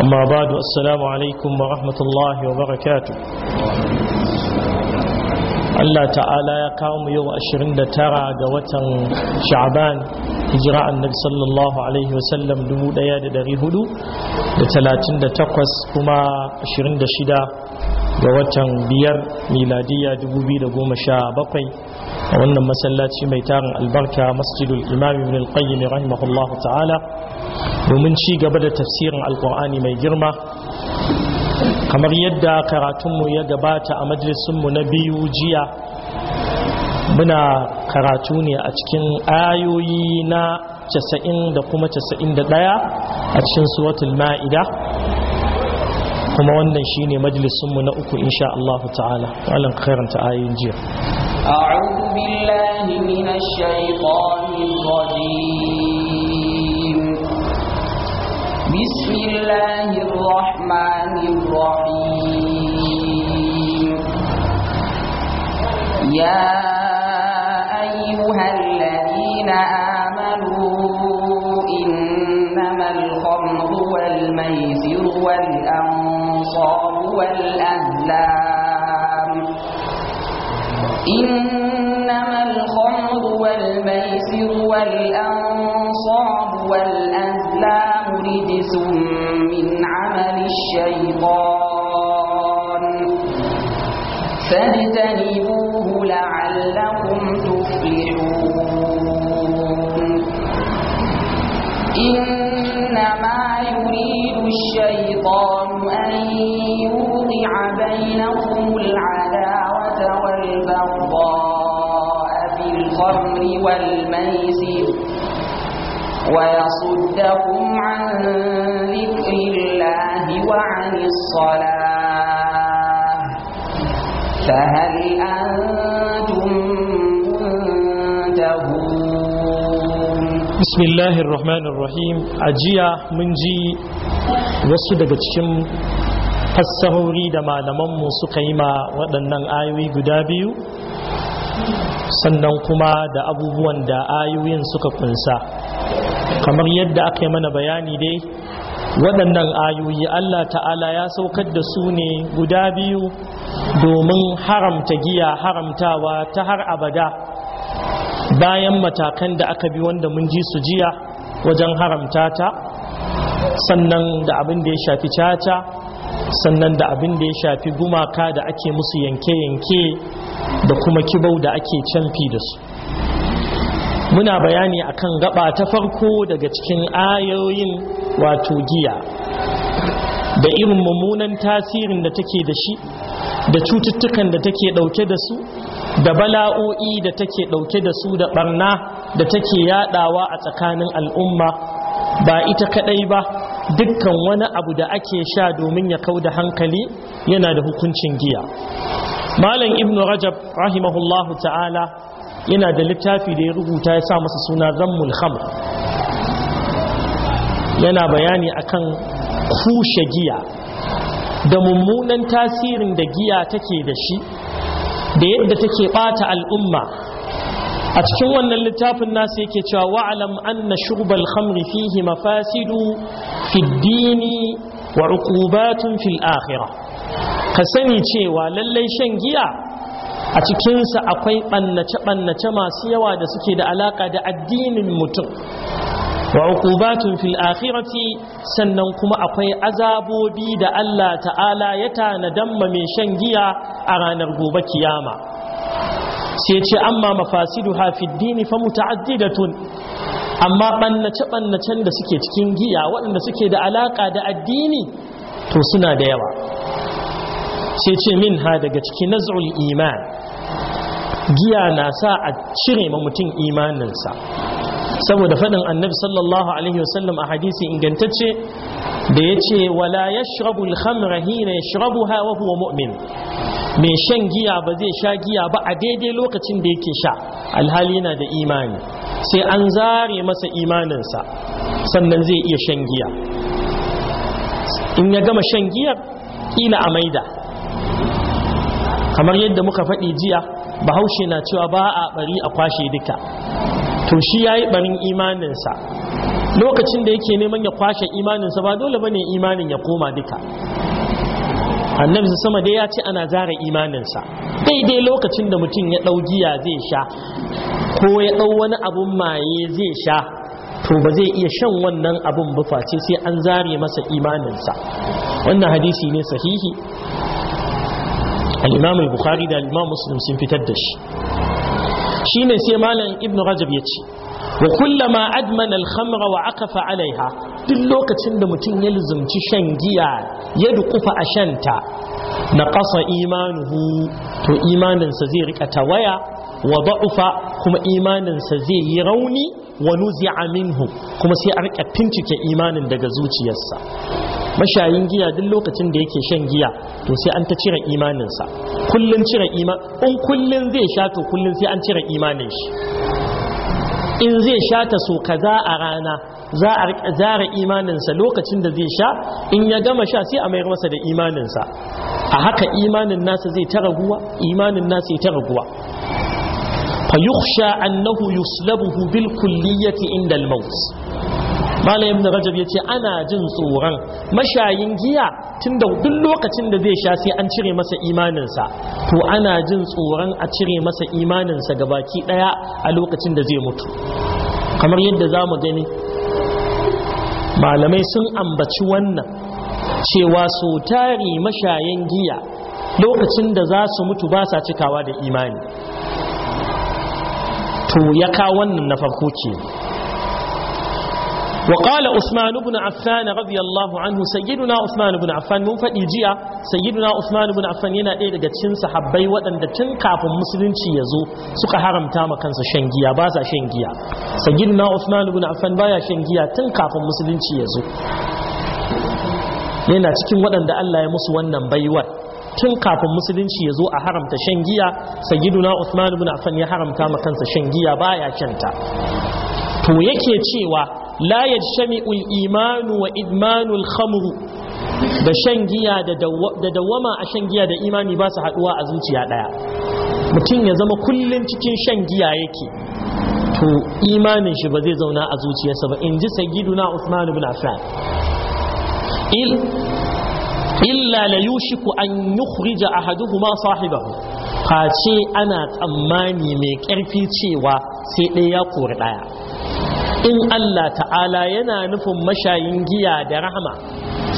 أما بعد السلام عليكم ورحمة wa barakatu. Allah ta'ala ya kawo mu yau ashirin da tara ga watan sha'ban hijira annabi sallallahu alaihi wasallam dubu ɗaya da dari hudu da talatin da takwas kuma ashirin da shida ga watan biyar miladiya 2017 a wannan masallaci mai tarin albarka masjidul imam ibn al-qayyim rahimahullah ta'ala domin ci gaba da tafsirin alkur'ani mai girma kamar yadda karatunmu ya gabata a majalisunmu na biyu jiya muna karatu ne a cikin ayoyi na casa'in da kuma casa'in da ɗaya a cikin suratul ma'ida kuma wannan shine majalisunmu na uku insha Allah ta'ala wannan karanta ayoyin jiya a'udhu billahi minash shaitanir rajim bismillahir rahmanir rahim ya ayyuhal amanu والأهلام إنما الخمر والميسر والأنصاب والأهلام رجس من عمل الشيطان فاجتنبوه لعلم ويصدكم عن ذكر الله وعن الصلاة فهل أنتم منتهون بسم الله الرحمن الرحيم أجيا منجي daga cikin fassahori da malamanmu suka yi ma waɗannan ayoyi guda biyu sannan kuma da abubuwan da ayoyin suka kunsa kamar yadda aka yi mana bayani dai waɗannan ayoyi Allah ta'ala ya saukar da su ne guda biyu domin haramta giya haramtawa ta har abada bayan matakan da aka bi wanda mun ji su jiya wajen haramta ta sannan da abin da ya shafi caca sannan da abin da ya shafi gumaka da ake musu yanke-yanke da kuma kibau da ake canfi da su muna bayani akan gaba ta farko daga cikin ayoyin wato giya da irin mummunan tasirin da take da shi da cututtukan da take dauke da su da bala'o'i da take dauke da su da barna da take yadawa a tsakanin al'umma ba ita kadai ba dukkan wani abu da ake sha domin ya kau da hankali yana da hukuncin giya malam ibnu rajab rahimahullahu ta'ala yana da littafi da ya rubuta ya sa masa suna zammul khamr yana bayani akan kushe giya da mummunan tasirin da giya take da shi da yadda take bata al'umma a cikin wannan littafin nasu yake cewa wa'alam anna shurbal khamri fihi mafasidu fid dini wa uqubatun fil akhirah ka sani cewa lallai shan giya a cikinsa akwai ɓannace-ɓannace masu yawa da suke da alaƙa da addinin mutum wa hukubatun fil akhirati sannan kuma akwai azabobi da Allah ta'ala ya tana damma mai shan giya a ranar gobe kiyama sai ce amma mafasidu hafi dini fa muta'addidatun amma ɓannace-ɓannacen da suke cikin giya waɗanda suke da alaƙa da addini to suna da yawa sai ce min ha daga ciki naz'ul iman giya na sa a cire ma mutum imaninsa saboda faɗin annabi sallallahu alaihi wasallam a hadisi ingantacce da ya ce wala ya shirabu alhamra hina ya shirabu hawa huwa mu'min mai shan giya ba zai sha giya ba a daidai lokacin da yake sha alhali yana da imani sai an zare masa imaninsa sannan zai iya shan giya in ya gama shan giyar kila a maida kamar yadda muka faɗi jiya bahaushe na cewa ba a bari a kwashe duka to shi ya yi barin imaninsa lokacin da yake neman ya kwashe imaninsa ba dole ba ne imanin ya koma duka annabi su sama dai ya ce ana zara imaninsa daidai lokacin da mutum ya ɗau giya zai sha ko ya ɗau wani abun maye zai sha to ba zai iya shan wannan abun ba face sai an zare masa imaninsa wannan hadisi ne sahihi al al-bukhari da al-imam muslim sun fitar da shi shine sai malam ibnu rajab ya ce wa ma admana al-khamra wa aqafa alaiha duk lokacin da mutum ya lizumci shan giya ya dukufa a shanta na ƙasa imanuhu to imaninsa zai rika tawaya wa da'ufa kuma imaninsa zai yi rauni wa nuzi'a minhu kuma sai a rika fincike imanin daga zuciyarsa mashayin giya duk lokacin da yake shan giya to sai an ta cire imaninsa kullun cire iman in kullun zai sha to kullun sai an cire imanin shi in zai sha ta so kaza a rana za a zara imaninsa lokacin da zai sha in ya gama sha sai a mayar masa da imaninsa a haka imanin nasa zai ta raguwa imanin nasa ya ta raguwa فيخشى أنه يسلبه بالكلية عند الموت malam ibn rajab yace ana jin tsoron mashayin giya tunda duk lokacin da zai sha sai an cire masa imanin imaninsa to ana jin tsoron a cire masa imaninsa gabaki daya a lokacin da zai mutu kamar yadda za mu gani malamai sun ambaci wannan cewa so tari mashayan giya lokacin da za su mutu ba sa cikawa da imani to ya kawo wannan na farko ce وقال عثمان بن عفان رضي الله عنه سيدنا Usman بن عفان mun faɗi jiya sayyiduna Usman ibn Affan yana daya daga cikin sahabbai waɗanda tun kafin musulunci ya zo suka haramta ma kansa shan giya ba sa shan giya sayyiduna Usman ibn Affan baya shan giya tun kafin musulunci ya zo yana cikin waɗanda Allah ya musu wannan baiwar tun kafin musulunci ya zo a haramta shan giya sayyiduna Usman ibn Affan ya haramta ma kansa shan giya baya kenta. to yake cewa la yajshami'u al-iman wa idman al-khamr da shan giya da dawwama a shan giya da imani ba su haduwa a zuciya daya mutum ya zama kullum cikin shan giya yake to imanin shi ba zai zauna a zuciyarsa ba in ji sayyiduna Usman ibn Affan il illa la yushiku an yukhrija ahaduhuma sahibahu face ana tsammani mai karfi cewa sai ɗaya ya kori ɗaya in Allah ta'ala yana nufin mashayin giya da rahama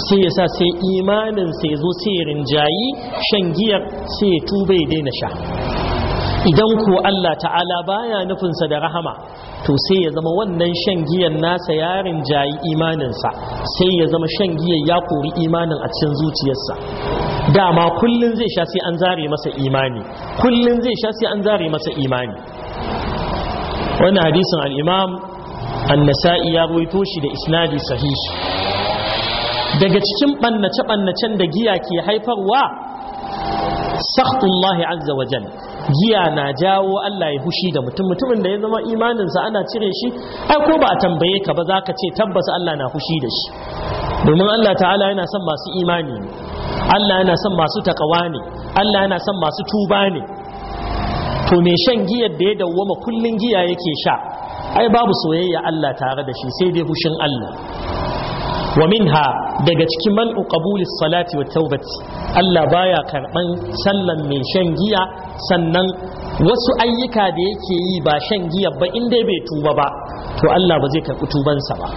sai ya sa sai imanin sai zo sai rinjayi shan giyar sai ya tuba ya daina sha idan ko Allah ta'ala baya nufinsa da rahama to sai ya zama wannan shan giyan nasa yarin jayi imaninsa sai ya zama shan giyan ya kori imanin a cikin zuciyarsa dama kullum zai sha sai an zare masa imani kullun zai sha sai an zare masa imani wannan hadisin al'imam Annasai ya rawaito shi da isnadi sahih daga cikin ɓannace-ɓannacen da giya ke haifarwa sakhullahi azza wajen. giya na jawo Allah ya fushi da mutum mutumin da ya zama imaninsa ana cire shi ai ko ba a tambaye ka ba za ka ce tabbas Allah na fushi da shi domin Allah ta'ala yana son masu imani ne Allah yana son masu takawa ne Allah yana son masu tuba ne to me shan giyar da ya dawwama kullun giya yake sha ai babu soyayya Allah tare da shi sai dai fushin Allah wa minha daga cikin mal'u qabulis salati wa taubati Allah baya karban sallan mai shan giya sannan wasu ayyuka da yake yi ba shan giya ba in bai tuba ba to Allah ba zai karbi tubansa ba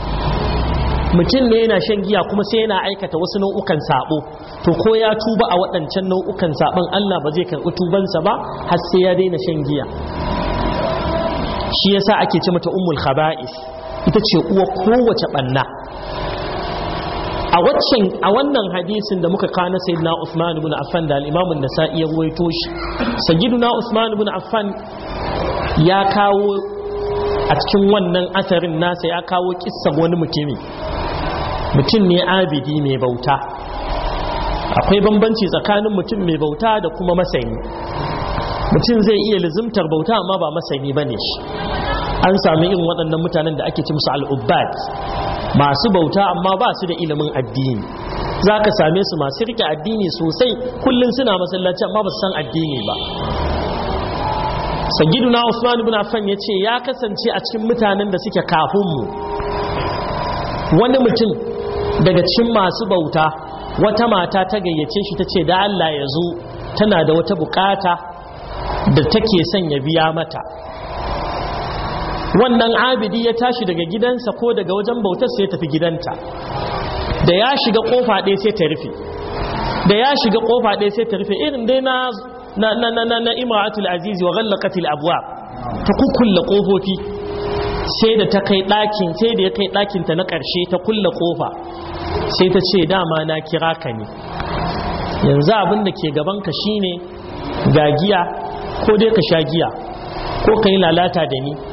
mutum ne yana shan giya kuma sai yana aikata wasu nau'ukan sabo to ko ya tuba a waɗancan nau'ukan sabon Allah ba zai karbi tubansa ba har sai ya daina shan giya shi yasa ake ce mata ummul khaba'is ita ce uwa kowace banna a waccan a wannan hadisin da muka kana sayyidina Usman ibn Affan da al-Imam an-Nasa'i ya ruwaito shi sayyidina Usman ibn Affan ya kawo a cikin wannan asarin nasa ya kawo kissan wani mutumi mutum ne abidi mai bauta akwai bambanci tsakanin mutum mai bauta da kuma masani mutum zai iya lizimtar bauta amma ba masani bane shi an sami irin waɗannan mutanen da ake ci musu al'ubbat masu bauta amma ba su da ilimin addini za ka same su masu rike addini sosai kullum suna masallaci amma ba su san addini ba sagiduna usman ibn affan ya ce ya kasance a cikin mutanen da suke kafinmu wani mutum daga cikin masu bauta wata mata ta gayyace shi ta ce da allah ya zo tana da wata bukata da take son ya biya mata wannan abidi ya tashi daga gidansa ko daga wajen bautar sai ya tafi gidanta da ya shiga kofa ɗaya sai ta rufe da ya shiga kofa ɗaya sai ta rufe irin dai na na na na na imaratul azizi wa ghallaqatil abwab ta kukkulla kofofi sai da ta kai ɗakin sai da ya kai ɗakin ta na ƙarshe ta kulla kofa sai ta ce dama na kira ka ne yanzu abin da ke gaban ka shine ga giya ko dai ka sha giya ko ka yi lalata da ni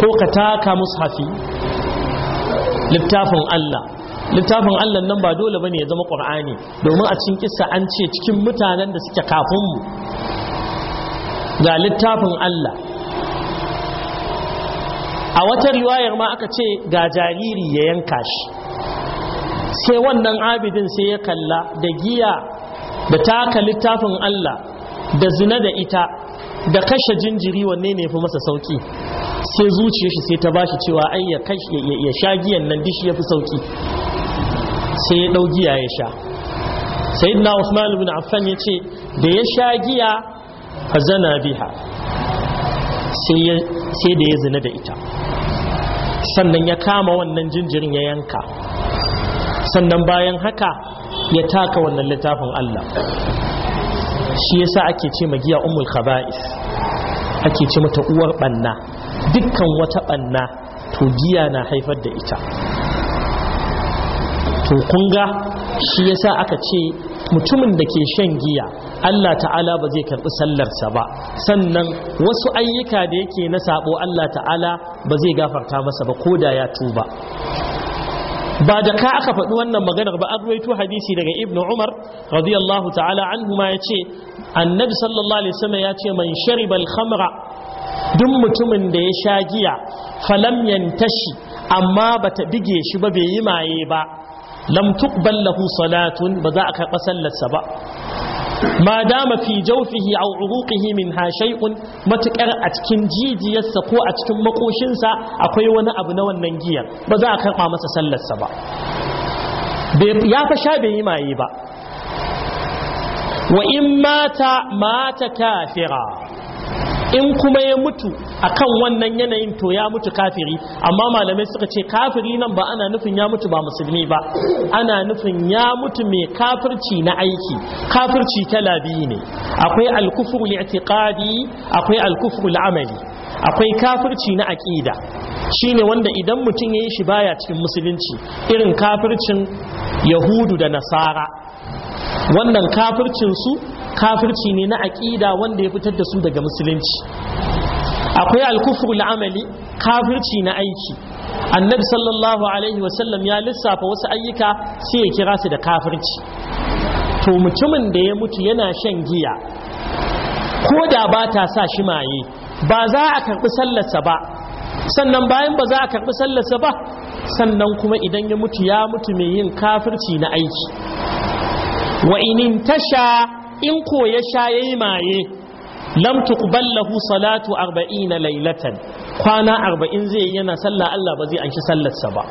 ko ka taka mushafi littafin Allah littafin Allah nan ba dole bane ya zama Qur'ani domin a cikin kissa an ce cikin mutanen da suke kafin mu ga littafin Allah a wata riwayar ma aka ce ga jariri ya yanka shi sai wannan abidin sai ya kalla da giya da taka littafin Allah da zina da ita da kashe jinjiri wanne ne fi masa sauki sai zuciyar shi sai ta bashi cewa ai ya kashi ya sha giyan nan dishi yafi sauki sai ya dau ya sha sayyidina Usman ibn Affan yace da ya sha giya fa zana biha sai da ya zina da ita sannan ya kama wannan jinjirin ya yanka sannan bayan haka ya taka wannan littafin Allah shi yasa ake ce magiya ummul khaba'is ake ce mata uwar banna dukkan wata banna to giya na haifar da ita to kunga shi yasa aka ce mutumin da ke shan giya Allah ta'ala ba zai karɓi sallarsa ba sannan wasu ayyuka da yake na sabo Allah ta'ala ba zai gafarta masa ba ko da ya tuba ba da ka aka faɗi wannan maganar ba an ruwaito hadisi daga ibn umar radiyallahu ta'ala anhu ma ya ce annabi sallallahu alaihi wasallam ya ce man shariba al-khamra duk mutumin da ya sha giya falam yantashi amma bata bige shi ba bai yi maye ba lam tuqbal lahu salatun ba za a karɓa sallarsa ba ma dama fi jawfihi aw uruqihi ha shay'un matukar a cikin jijiyarsa ko a cikin makoshinsa akwai wani abu na wannan giyar ba za a karɓa masa sallarsa ba ya fa sha bai yi maye ba wa in mata mata kafira in kuma ya mutu akan wannan yanayin to ya mutu kafiri amma malamai suka ce kafiri nan ba ana nufin ya mutu ba musulmi ba ana nufin ya mutu mai kafirci na aiki kafirci talabi ne akwai alkufru li'tiqadi akwai alkufru al'amali akwai kafirci na aqida shine wanda idan mutum ya yi shi baya cikin musulunci irin kafircin yahudu da nasara wannan kafircin su kafirci ne na aƙida wanda ya fitar da su daga musulunci akwai alkufru al'amali kafirci na aiki annabi sallallahu alaihi wasallam ya lissafa wasu ayyuka sai ya kira su da kafirci to mutumin da ya mutu yana shan giya ko da ba ta sa shi maye ba za a karɓi sallarsa ba sannan bayan ba za a karɓi sallarsa ba sannan kuma idan ya mutu ya mutu mai yin kafirci na aiki wa inin tasha in ko ya sha yayi maye lam tuqbal lahu salatu 40 laylatan kwana 40 zai yana sallah Allah ba zai anshi sallarsa ba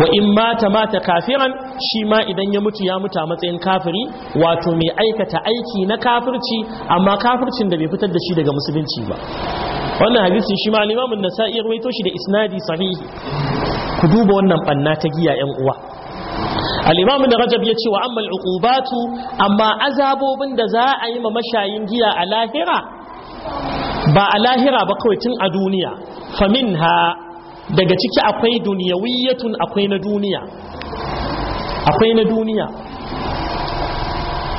wa in mata mata kafiran shi ma idan ya mutu ya mutu a matsayin kafiri wato mai aikata aiki na kafirci amma kafircin da bai fitar da shi daga musulunci ba wannan hadisi shi ma limamin nasa'i ya rawaito shi da isnadi sahihi ku duba wannan banna ta giya yan uwa al-imam da rajab ya ce wa amma amma azabobin da za a yi ma mashayin giya a lahira ba a lahira ba kawai tun a duniya ha daga ciki akwai duniyawiyatun akwai na duniya akwai na duniya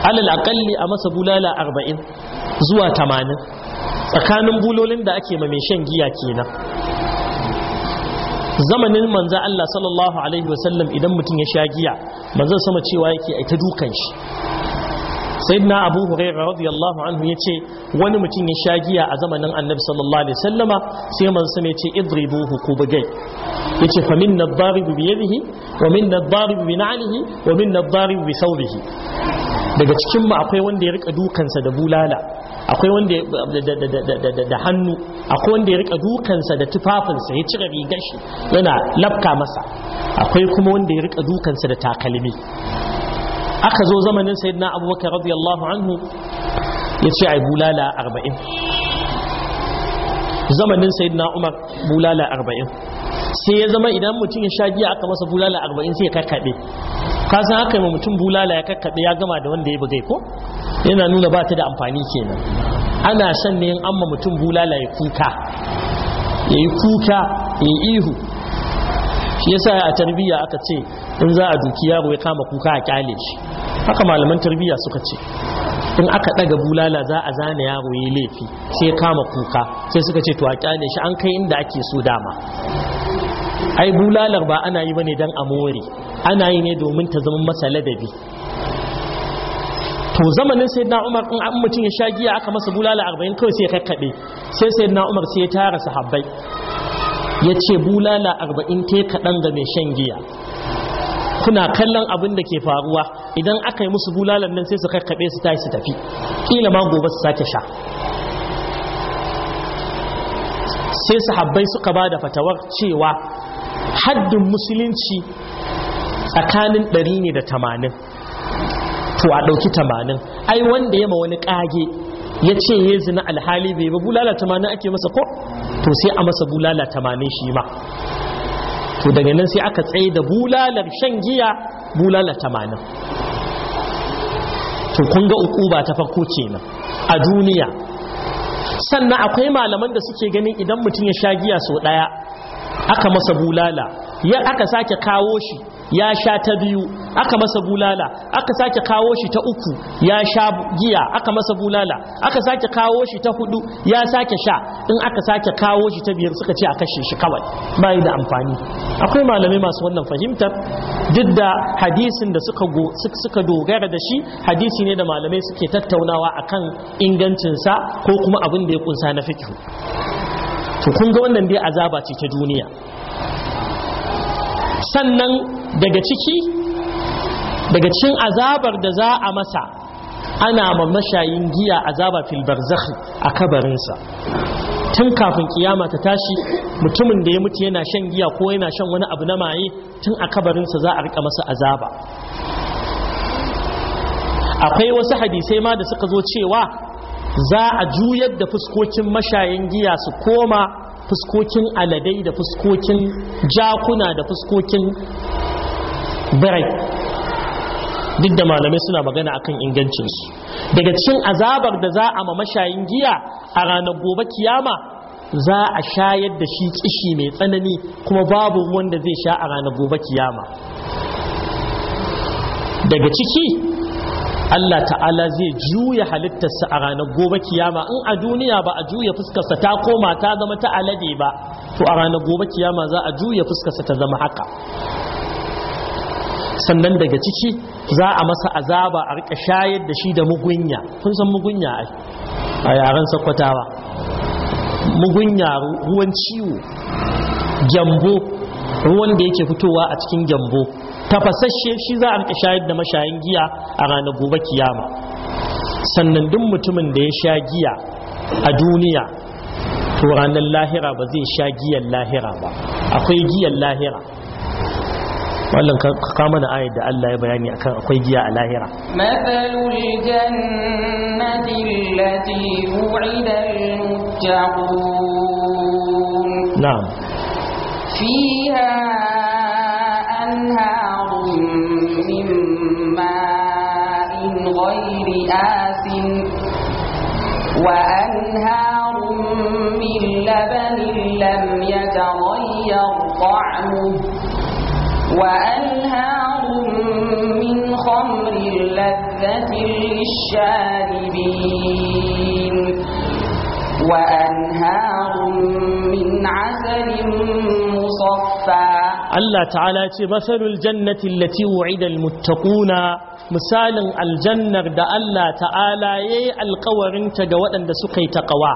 alal akalli a masa bulala arba'in zuwa tamanin tsakanin bulolin da ake ma mai shan giya kenan zamanin manzo Allah sallallahu alaihi wasallam idan mutum ya sha giya manzo sama cewa yake aita dukan shi sayyidina abu hurairah radiyallahu anhu yace wani mutum ya sha giya a zamanin annabi sallallahu alaihi wasallama sai manzo sama yace idribuhu ku yace fa minna ad-darib bi yadihi wa minna ad-darib bi na'lihi wa minna ad-darib bi daga cikin mu akwai wanda ya rika dukansa da bulala akwai wanda da hannu akwai wanda ya rika dukansa da tufafinsa ya cire rigashi shi yana lafka masa akwai kuma wanda ya rika dukansa da takalmi aka zo zamanin sayyidina abubakar radiyallahu anhu ya ce ai bulala arba'in zamanin sayyidina umar bulala arba'in sai ya zama idan mutum ya sha giya aka masa bulala arba'in sai ya karkaɗe ka san haka yi mutum bulala ya kakkaɓe ya gama da wanda ya bugai ko yana nuna ba ta da amfani kenan ana son ne an ma mutum bulala ya kuka ya yi kuka ya yi ihu shi ya yasa a tarbiyya aka ce in za a duki yaro ya kama kuka a kyale shi haka malaman tarbiyya suka ce in aka ɗaga bulala za a zane yaro ya laifi sai ya kama kuka sai suka ce to a kyale shi an kai inda ake so dama ai bulalar ba ana yi bane dan amore amore, ana yi ne domin ta zama masa ladabi to zamanin sayyidina umar in an mutum ya sha giya aka masa bulala 40 kawai sai ya kakkabe sai sayyidina umar sai ya tara sahabbai ya ce bulala 40 te kaɗan ga mai shan giya kuna kallon abin da ke faruwa idan aka yi musu bulalar nan sai su kakkabe su tashi su tafi kila ma gobe su sake sha sai sahabbai suka ba da fatawar cewa haddin musulunci tsakanin ɗari ne da tamanin to a ɗauki tamanin ai wanda ya ma wani ƙage ya ce ya zina alhali bai ba bulala tamanin ake masa ko to sai a masa bulala tamanin shi ma to daga nan sai aka tsaye da bulalar shan giya bulala tamanin to kun ga uku ba ta farko ce kenan a duniya sannan akwai malaman da suke ganin idan mutum ya sha giya sau ɗaya aka masa bulala ya aka sake kawo shi ya sha ta biyu aka masa bulala aka sake kawo shi ta uku ya sha giya aka masa bulala aka sake kawo shi ta hudu ya sake sha in aka sake kawo shi ta biyar suka ce a kashe shi kawai bai da amfani akwai malamai masu wannan fahimtar duk da hadisin da suka go suka dogara da shi hadisi ne da malamai suke tattaunawa akan ingancinsa ko kuma abin da ya kunsa na fikihu to kun ga wannan dai azaba ce ta duniya sannan daga ciki daga cikin azabar da za a masa ana ma mashayin giya azaba fil barzakh a kabarinsa tun kafin kiyama ta tashi mutumin da ya mutu yana shan giya ko yana shan wani abu na maye tun a kabarinsa za a rika masa azaba akwai wasu hadisai ma da suka zo cewa za a juyar da fuskokin mashayin giya su koma fuskokin aladai da fuskokin jakuna da fuskokin birai duk da malamai suna magana akan ingancinsu daga cikin azabar da za a ma mashayin giya a ranar gobe kiyama za a shayar da shi kishi mai tsanani kuma babu wanda zai sha a ranar gobe kiyama daga ciki Allah ta'ala zai juya halittarsa a ranar gobe kiyama in a duniya ba a juya fuskarsa ta koma ta zama ta alade ba to a ranar gobe kiyama za a juya fuskarsa ta zama haka sannan daga ciki za a masa azaba a rika shayar da shi da mugunya kun san mugunya a yaren sakwatawa mugunya ruwan ciwo gyambo ruwan da yake fitowa a cikin gyambo tafasasshe shi za a rika shayar da mashayin giya a ranar gobe kiyama sannan duk mutumin da ya sha giya a duniya to ranar lahira ba zai sha giyan lahira ba akwai giyan lahira wallan ka mana ayat da Allah ya bayani akan akwai giya a lahira mathalul jannati allati wu'ida al-muttaqun na'am fiha anhar غير آس وأنهار من لبن لم يتغير طعمه وأنهار من خمر لذة للشاربين وأنهار من عسل مصفى Allah ta'ala ce masalul jannati allati wu'ida almuttaquna misalin aljannar da Allah ta'ala yayi alƙawarin ta ga waɗanda suka yi taqwa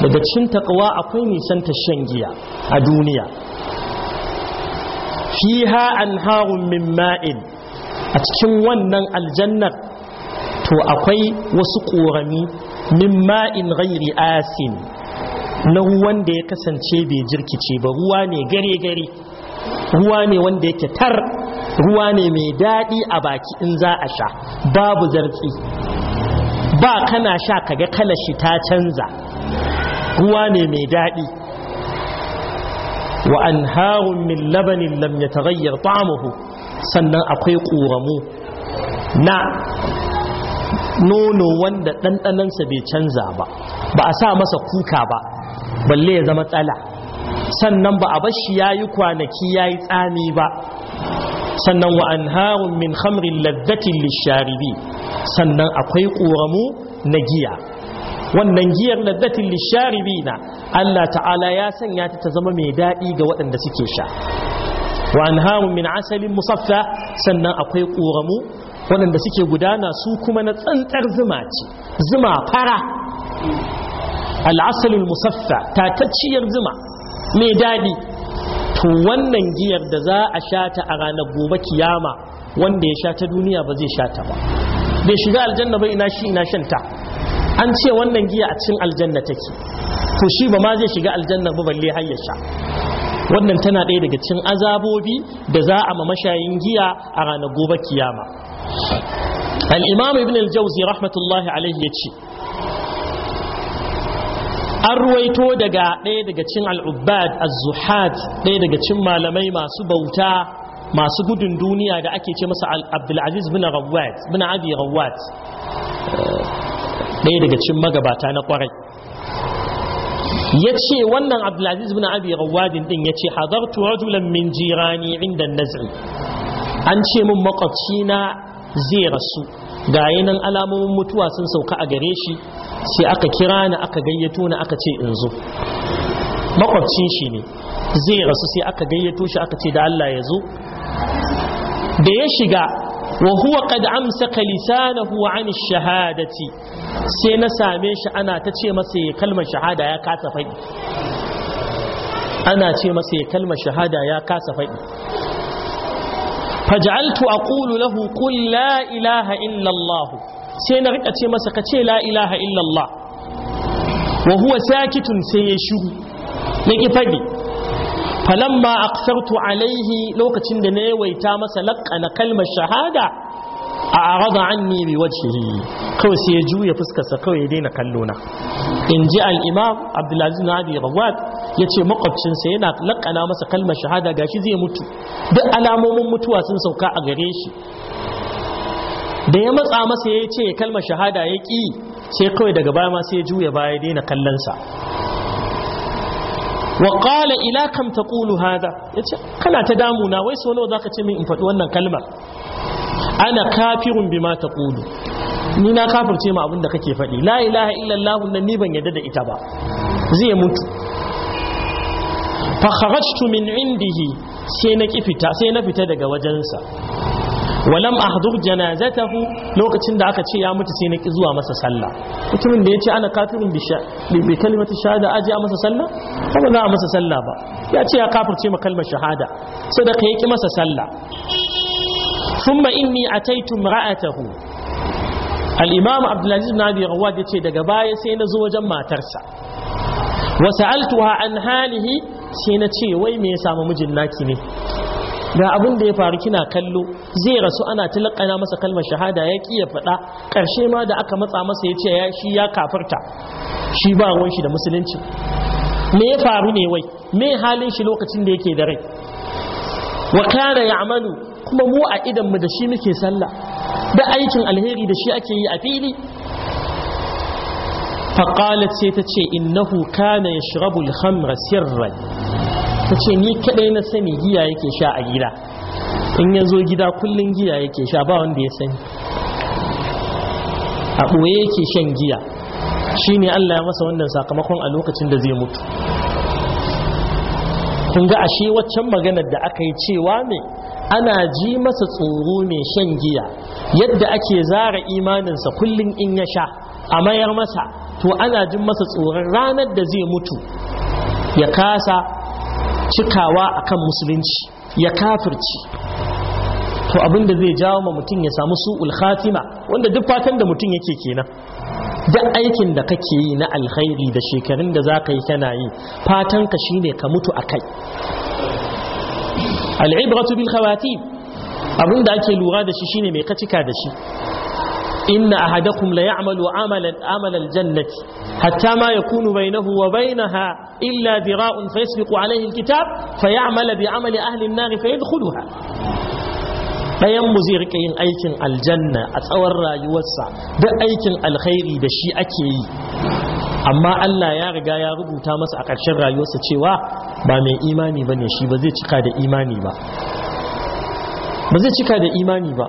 daga cikin taqwa akwai nisan ta shan giya a duniya fiha anharun min ma'in a cikin wannan aljannar to akwai wasu ƙorami min ma'in ghairi asin na ruwan da ya kasance bai jirkice ba ruwa ne gare gare ruwa ne wanda yake tar ruwa ne mai daɗi a baki in za a sha babu zartsi ba kana sha kaga shi ta canza ruwa ne mai daɗi wa anharun min labanin lam ya tagayyar ta'amuhu sannan akwai ƙoramu na nono wanda ɗanɗanansa bai canza ba ba a sa masa kuka ba balle ya zama tsala sannan ba a bashi yayi kwanaki ya yi tsami ba sannan wa anharun min khamrin laddatin lisharibi sannan akwai ƙoramu na giya wannan giyar laddatin lishari na Allah ta'ala ya sanya ta ta zama mai daɗi ga waɗanda suke sha wa anharun min asalin musafta sannan akwai ƙoramu waɗanda suke gudana su kuma na tsantsar zuma ce zuma fara al'asalin musaffa tatacciyar zuma mai daɗi to wannan giyar da za a sha ta a ranar gobe kiyama wanda ya sha duniya ba zai sha ba bai shiga aljanna ba ina shi ina shanta an ce wannan giya a cikin aljanna take to shi ba ma zai shiga aljanna ba balle har ya sha wannan tana ɗaya daga cikin azabobi da za a ma mashayin giya a ranar gobe kiyama al-imam ibn al-jawzi rahmatullahi alaihi yace an ruwaito daga ɗaya daga cin al'ubbad az-zuhad ɗaya daga cin malamai masu bauta masu gudun duniya da ake ce masa abdulaziz bin rawat bin abi rawat ɗaya daga cin magabata na kwarai ya ce wannan abdulaziz bin abi rawadin ɗin ya ce hadartu rajulan min jirani inda nazari an ce min makwabci na zai rasu ga yanan alamomin mutuwa sun sauka a gare shi sai aka kira ni aka gayyato na aka ce in makwabcin shi ne zai rasu sai aka gayyato shi aka ce da Allah ya zo da ya shiga wa huwa qad amsaka lisanahu an shahadati sai na same shi ana ta ce masa ya kalmar shahada ya kasa faɗi ana ce masa ya kalmar shahada ya kasa faɗi faj'altu aqulu lahu qul la ilaha illa allah sai na rika ce masa ka ce la ilaha illallah wa huwa sakitun sai ya shiru na ki fadi falamma aqsartu alaihi lokacin da na yawaita masa laqana kalmar shahada a arada anni bi wajhihi kawai sai ya juya fuskarsa kawai ya daina kallo na in ji al-imam abdulaziz nadi rawat yace makwabcinsa yana lakana masa kalmar shahada gashi zai mutu duk alamomin mutuwa sun sauka a gare shi da ya matsa masa ya ce ya kalma shahada ya ƙi sai kawai daga baya ma sai ya juya baya daina kallonsa wa qala ila kam haza hada yace kana ta damuna wai so nawa zaka ce min in faɗi wannan kalmar ana kafirun bima ƙulu ni na kafirce ma abin da kake faɗi la ilaha illallah nan ni ban yadda da ita ba zai mutu fa kharajtu min indihi sai na kifita sai na fita daga wajensa walam ahdur janazatahu lokacin da aka ce ya mutu sai na ki zuwa masa sallah mutumin da ya ce ana kafirin bi kalimatu shahada aje a masa sallah kuma za a masa sallah ba ya ce ya kafirce ma kalmar shahada sai da ki masa sallah thumma inni ataitu ra'atahu al-imam abdulaziz ibn abi rawad yace daga baya sai na zo wajen matarsa wa sa'altuha an halihi sai na ce wai me ya samu mijin naki ne ga abin da ya faru kina kallo zai rasu ana tilakana masa kalmar shahada ya ki ya faɗa ƙarshe ma da aka matsa masa ya ce ya shi ya kafarta shi ba ruwan shi da musulunci me ya faru ne wai me halin shi lokacin da yake da rai wa kana ya'malu kuma mu a idan mu da shi muke sallah da aikin alheri da shi ake yi a fili faqalat sai ta ce innahu kana yashrabu al-khamra sirran ta ce ni kadai na sani giya yake sha a gida in ya zo gida kullum giya yake sha ba wanda ya sani a ɓoye yake shan giya shi ne allah ya masa wannan sakamakon a lokacin da zai mutu kun ga ashe waccan maganar da aka yi cewa ne ana ji masa tsoro mai shan giya yadda ake zara imaninsa kullum in ya sha a mayar masa to ana jin masa tsoron ranar da zai mutu ya kasa cikawa akan musulunci ya kafirci to abin da zai jawo ma mutum ya samu su'ul khatima wanda duk fatan da mutum yake kenan duk aikin da kake yi na alkhairi da shekarun da za ka yi kana yi fatan ka shine ka mutu a kai al'ibratu bil khawatim abin da ake lura da shi shine mai ka cika da shi inna ahadakum la ya'malu amalan amala aljannati hatta ma yakunu bainahu wa bainaha illa dhira'un fayasbiqu alayhi alkitab fay'malu bi amali ahli an-nar fayadkhuluha ɗayan mu zai rika yin aikin aljanna a tsawon rayuwarsa da aikin alkhairi da shi ake yi amma Allah ya riga ya rubuta masa a ƙarshen rayuwarsa cewa ba mai imani ba ne shi ba zai cika da imani ba ba zai cika da imani ba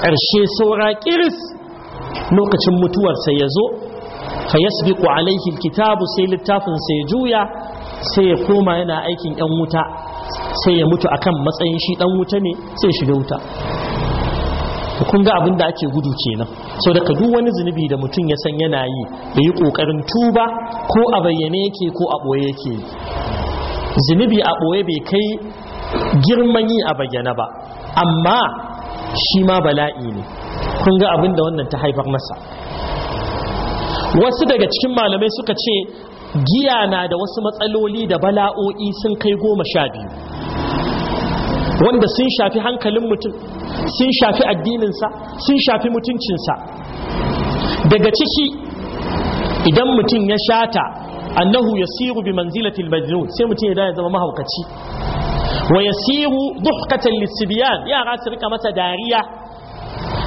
ƙarshe saura ƙiris lokacin mutuwarsa ya zo fa alaihi kitabu sai littafin sai ya juya sai ya koma yana aikin yan wuta sai ya mutu akan matsayin shi ɗan wuta ne sai shiga wuta kun ga abin da ake gudu kenan so daga duk wani zunubi da mutum ya san yana yi da yi kokarin tuba ko a bayyane yake ko a boye yake zunubi a boye bai kai girman yi a bayyana ba amma shi ma bala'i ne kun ga abin da wannan ta haifar masa wasu daga cikin malamai suka ce giya na da wasu matsaloli da bala'o'i sun kai goma sha biyu wanda sun shafi hankalin mutum sun shafi addininsa sun shafi mutuncinsa daga ciki idan mutum ya shata annahu ya yasiru bi manzilatil majnun sai mutum ya ya zama mahaukaci ويسير ضحكة للسبيان يا غاس رك متى دارية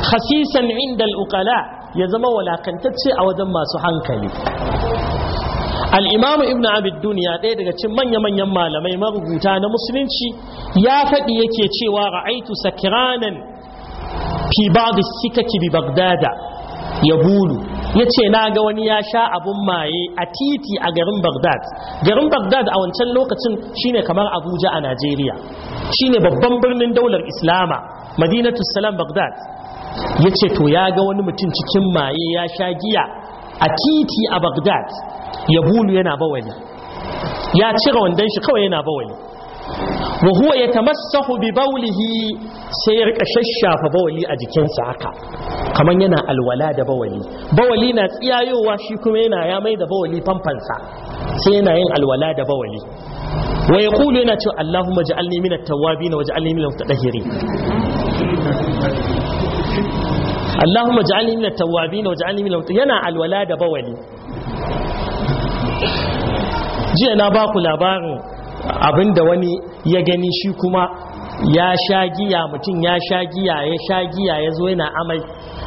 خسيسا عند الأقلاء يا زما ولا كن تبصي أو دم سحان كلي الإمام ابن عبد الدنيا ديد من يمن يما لما يمر غوتان مسلم شي يا فدي يكي ورأيت سكرانا في بعض السكك ببغداد يقول ya ce na ga wani ya sha abun maye a titi a garin bagdad garin bagdad a wancan lokacin shine kamar abuja a najeriya shine babban birnin daular islama madinatu salam bagdad ya ce to ya ga wani mutum cikin maye ya sha giya a titi a bagdad ya bulu yana bawali ya cire wandon shi kawai yana bawali wa huwa yatamassahu bi bawlihi sai ya rika shashafa bawali a jikinsa haka kaman yana alwala da bawali bawali na tsiyayowa shi kuma yana ya mai da bawali famfansa sai yana yin alwala da bawali wa Kulu yana cewa Allahumma ja'alni min at-tawwabin wa ja'alni min al mutatahhiri Allahumma ja'alni min at-tawwabin wa ja'alni min al mutatahhiri yana alwala da bawali jiya na baku labarin abinda wani ya gani shi kuma ya sha giya mutum ya sha giya ya sha giya ya zo yana amai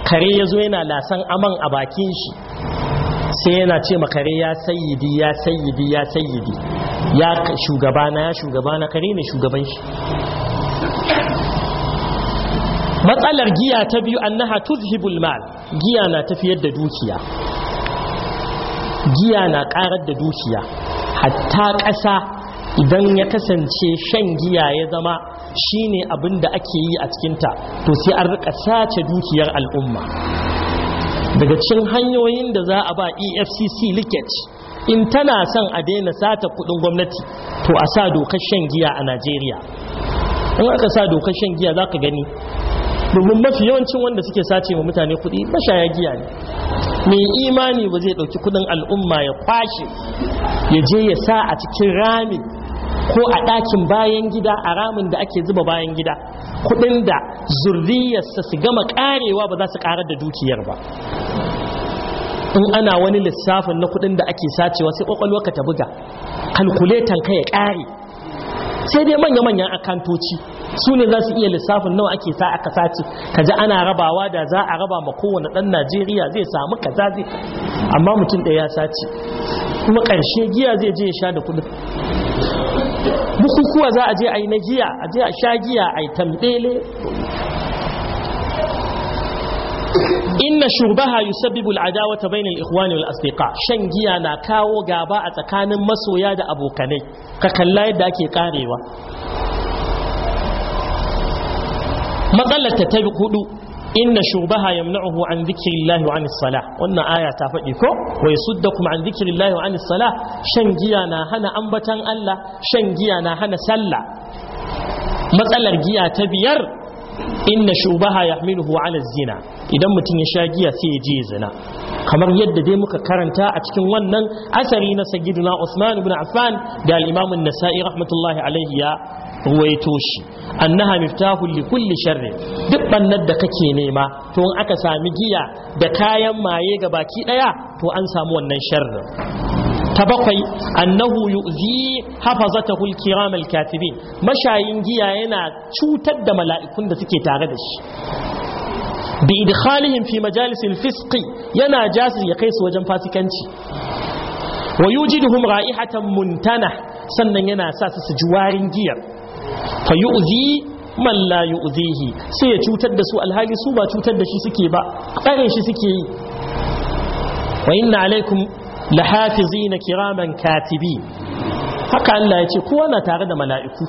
kare ya zo yana lasan aman a bakin shi sai yana ce kare ya sayidi ya sayidi ya sayidi ya shugabana ya shugabana kare ne shugaban shi matsalar giya ta biyu naha tuzhibul mal giya na tafiyar da dukiya giya na karar da dukiya hatta ƙasa idan ya kasance shan giya ya zama shine abin da ake yi a cikinta to sai an rika sace dukiyar al'umma daga cikin hanyoyin da za a ba efcc Liket in tana son a daina sata kudin gwamnati to a sa dokar shan giya a najeriya in aka sa dokar shan giya za ka gani domin mafi yawancin wanda suke sace wa mutane kudi mashaya giya ne mai imani ba zai dauki kudin al'umma ya kwashe ya je ya sa a cikin ramin ko a ɗakin bayan gida a ramin da ake zuba bayan gida kuɗin da zurriyarsa su gama ƙarewa ba za su ƙarar da dukiyar ba in ana wani lissafin na kuɗin da ake sacewa sai ka ta buga kalkuletan ka ya ƙare sai dai manya-manyan akantoci su ne za su iya lissafin nawa ake sa aka sace ji ana rabawa da za a raba ma kowane ɗan najeriya zai samu kaza zai amma mutum ɗaya ya sace kuma ƙarshe giya zai je ya sha da kuɗin bukukuwa za a je a yi na giya a je a sha giya a yi tambele inna shurbaha yusabbibu al'adawata bainal ikhwani wal asdiqa shan giya na kawo gaba a tsakanin masoya da abokanai ka kalla yadda ake karewa matsalar ta ta hudu inna shubaha yamna'uhu an dhikrillahi wa anis salah wannan aya ta faɗi ko wa kuma an dhikrillahi wa anis salah shan giya na hana ambatan Allah shan giya na hana sallah matsalar giya ta biyar inna shubaha yahmiluhu ala zina idan mutum ya sha giya sai ya je zina kamar yadda dai muka karanta a cikin wannan asari na sayyiduna Usman ibn Affan da al-Imam an-Nasa'i rahmatullahi alayhi ya ruwaito shi annaha miftahul li kulli sharri duk bannar da kake nema to in aka sami giya da kayan maye ga baki daya to an samu wannan sharrin ta bakwai annahu yu'zi hafazatahu kiram al-katibin mashayin giya yana cutar da mala'ikun da suke tare da shi bi idkhalihim fi majalisil fisqi yana jasu ya kai su wajen fasikanci wa yujiduhum ra'ihatan muntana sannan yana sa su ji warin giyar fa yu'zi man la yu'zihi sai ya cutar da su alhali su ba cutar da shi suke ba tsare shi suke yi wa inna alaikum lahafizina kiraman katibi haka Allah ya ce kowa na tare da mala'iku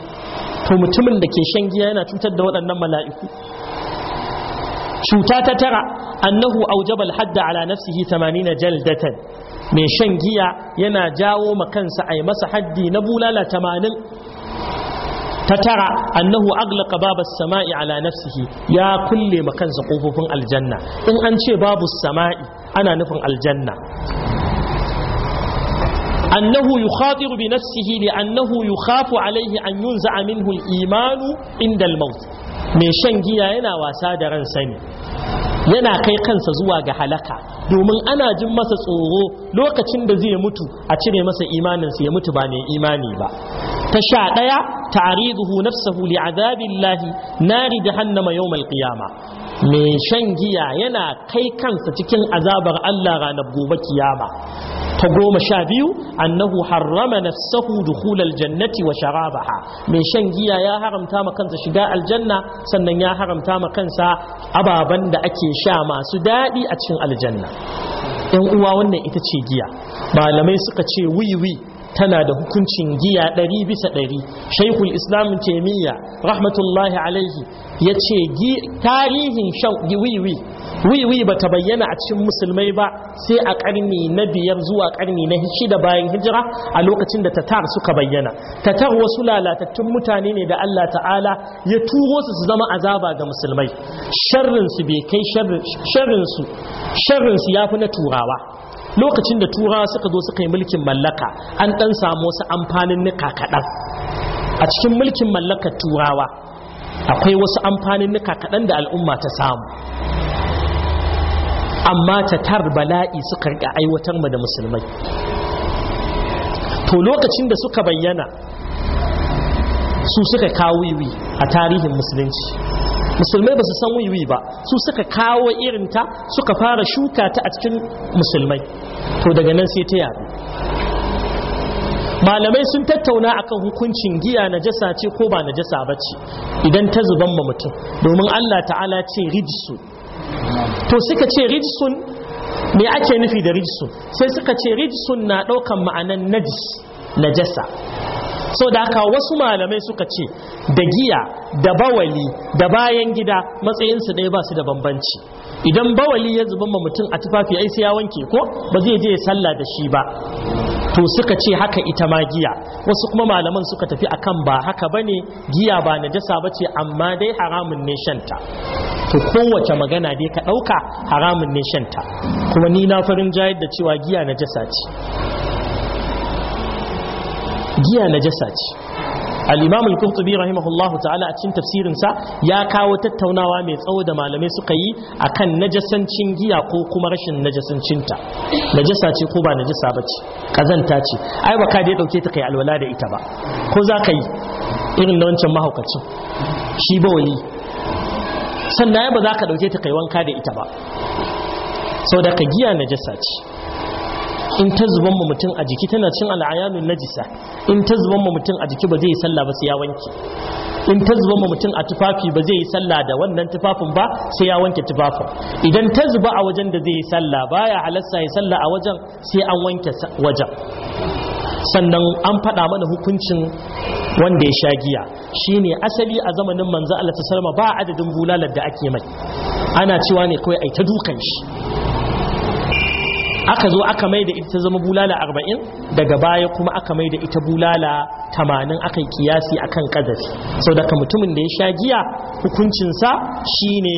to mutumin da ke shan giya yana cutar da waɗannan mala'iku cuta ta tara annahu aujaba hadda, ala nafsihi 80 jaldatan mai shan giya yana jawo ma kansa yi masa haddi na bulala tamanin. ta tara annahu aglaka Babu sama'i ala nafsihi ya kulle ma kansa kofofin aljanna in an ce babu sama'i ana nufin aljanna annahu yukhatiru bi nafsihi li annahu yukhafu alaihi an yunza'a minhu al-imanu inda al-maut mai shan giya yana wasa da ran sani. yana kai kansa zuwa ga halaka domin ana jin masa tsoro lokacin da zai mutu a cire masa imaninsa ya mutu ba mai imani ba ta sha ɗaya ta'ariduhu nafsahu li'adabillahi nari jahannama yawmal qiyama mai shan giya yana kai kansa cikin azabar Allah ranar gobe kiyama ta goma sha biyu annahu harrama nafsahu dukhul jannati wa sharabaha mai shan giya ya haramta ma kansa shiga aljanna sannan ya haramta ma kansa ababan da ake sha masu daɗi a cikin aljanna yan uwa wannan ita ce giya malamai suka ce wiwi tana da hukuncin giya ɗari bisa ɗari shaikul islam taimiyya rahmatullahi alaihi ya ce tarihin shan wiwi wiwi ba ta bayyana a cikin musulmai ba sai a ƙarni na biyar zuwa ƙarni na shida bayan hijira a lokacin da tatar suka bayyana tatar wasu lalatattun mutane ne da allah ta'ala ya turo su su zama azaba ga musulmai sharrinsu bai kai sharrinsu ya fi na turawa lokacin da turawa suka zo suka yi mulkin mallaka an dan samu wasu amfanin nika kaɗan a cikin mulkin mallakar turawa akwai wasu amfanin nika kaɗan da al'umma ta samu amma ta tar bala'i suka riƙa aiwatar mu da musulmai to lokacin da suka bayyana su suka kawo wiwi a tarihin musulunci musulmai ba su san wiwi ba su suka kawo irin ta suka fara shuka ta a cikin musulmai to daga nan sai ta yadu malamai sun tattauna akan hukuncin giya na jasa ce ko ba na jasa ba ce idan ta zuban ma mutum domin Allah ta'ala ce rijsun to suka ce rijsun me ake nufi da rijsun sai suka ce rijsun na ɗaukan ma'anan najis najasa so da haka wasu malamai suka ce da giya da bawali da bayan gida matsayinsu ɗaya ba su da bambanci idan bawali ya zuban ma mutum a tufafi ai sai ya wanke ko ba zai je ya sallah da shi ba to suka ce haka ita ma giya wasu kuma malaman suka tafi akan ba haka bane giya ba najasa bace amma dai haramun ne shanta to kowace magana dai ka ɗauka haramun ne shanta kuma ni na farin jayar da cewa giya najasa ce giya najasa ce al-imam qurtubi rahimahullahu ta'ala a cikin tafsirin sa ya kawo tattaunawa mai tsawo da malamai suka yi akan najasancin giya ko kuma rashin najasancin ta najasa ce ko ba najasa bace kazanta ce ai ba ka da dauke ta kai alwala da ita ba ko za ka yi irin da wancan mahaukacin shi ba wani sannan ba za ka dauke ta kai wanka da ita ba sau da ka giya najasa ce in ta zuban ma mutum a jiki tana cin al'ayanun najisa in ta zuban ma mutum a jiki ba zai yi sallah ba sai ya wanke in ta zuba ma mutum a tufafi ba zai yi sallah da wannan tufafin ba sai ya wanke tufafin idan ta zuba a wajen da zai yi sallah baya halasta ya sallah a wajen sai an wanke wajen sannan an faɗa mana hukuncin wanda ya sha giya shine asali a zamanin manzo Allah ta ba adadin bulalar da ake mai ana cewa ne kawai ai ta dukan shi aka zo aka mai da ita ta zama bulala arba'in daga baya kuma aka mai da ita bulala tamanin aka kiyasi akan kadari sau daga mutumin da ya sha giya hukuncinsa shine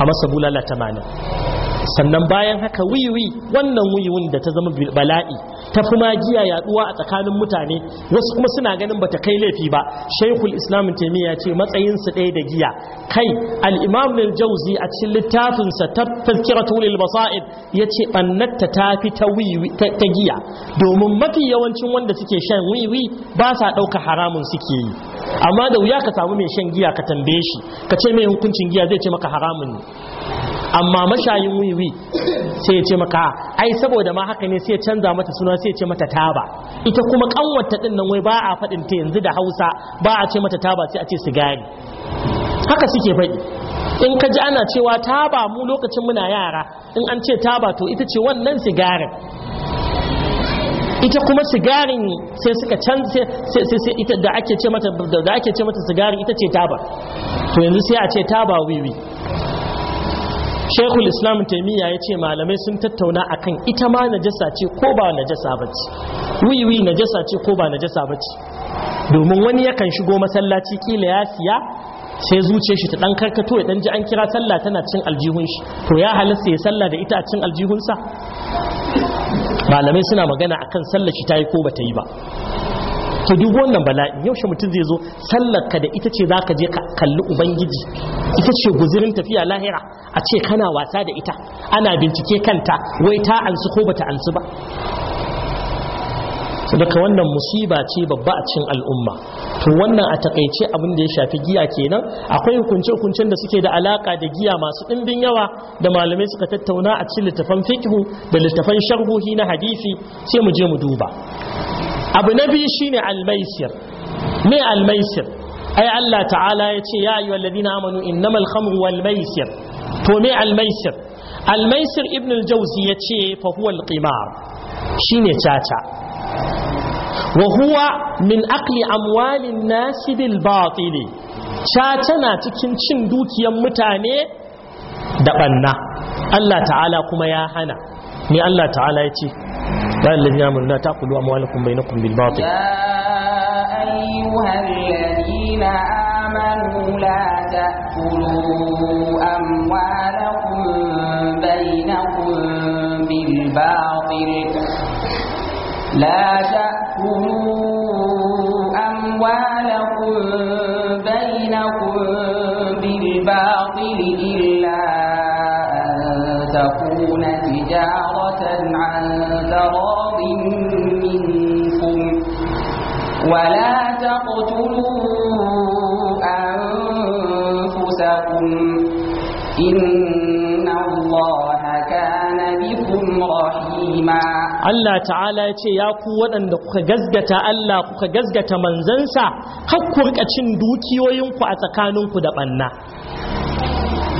a masa bulala tamanin sannan bayan haka wiwi wannan wiwin da ta zama bala'i tafi magiya yaduwa a tsakanin mutane wasu kuma suna ganin bata kai laifi ba shaikhul islam taimiyya ce matsayin su ɗaya da giya kai al-imam al-jawzi a cikin littafin sa tafsiratul lil basaid yace ta tafi ta wiwi ta giya domin mafi yawancin wanda suke shan wiwi ba sa dauka haramun suke yi amma da wuya ka samu mai shan giya ka tambaye shi ka ce mai hukuncin giya zai ce maka haramun ne amma mashayin wiwi sai ya ce maka ai saboda ma haka ne sai ya canza mata suna sai ce mata taba ita kuma kanwarta din nan wai ba a faɗin ta yanzu da hausa ba a ce mata taba sai a ce sigari haka suke faɗi in ka ji ana cewa taba mu lokacin muna yara in an ce taba to ita ce wannan sigarin ita kuma sigarin sai suka canza sai ita da ake ce mata da ake ce mata sigarin ita ce taba to yanzu sai a ce taba wiwi shekul islam taimiyya ya ce malamai sun tattauna akan ita ma najasa ce ko ba najasa ba ce wiwi najasa ce ko ba najasa ba ce domin wani yakan shigo masallaci kila ya siya sai zuce shi ta ɗan karkato ya ji an kira sallah tana cin aljihun shi to ya halasta ya sallah da ita a cin aljihunsa malamai suna magana akan sallah shi ta yi ko ba ta yi ba to duk wannan bala'i yaushe mutum zai zo sallar ka da ita ce zaka je ka kalli ubangiji ita ce guzirin tafiya lahira a ce kana wasa da ita ana bincike kanta wai ta ansu ko bata ansu ba daga wannan musiba ce babba a cikin al'umma to wannan a takaice abin da ya shafi giya kenan akwai hukunce hukuncen da suke da alaka da giya masu ɗimbin yawa da malamai suka tattauna a cikin littafan fikihu da littafan sharhohi na hadisi sai mu je mu duba abu na biyu shine almaisir me almaisir ai Allah ta'ala ya ce ya ayyuhal ladina amanu innamal khamru wal maisir to me almaisir almaisir ibn al-jawzi ya ce fa huwa al-qimar shine caca wa huwa min akli amwalin nasi bil batili caca tana cikin cin dukiyan mutane da banna Allah ta'ala kuma ya hana ni Allah ta'ala ya ce ya alladhina amanu la taqulu amwalakum bainakum bil batil ya ayyuhalladhina amanu la ta'kulu amwalakum bainakum bil batil لا تأكلوا أموالكم بينكم بالباطل إلا أن تكون تجارة عن تراض منكم ولا تقتلوا أنفسكم إن Allah ta'ala ya ce ya ku waɗanda kuka gazgata Allah kuka gazgata manzansa har ku rika cin dukiyoyinku a tsakaninku da ɓanna.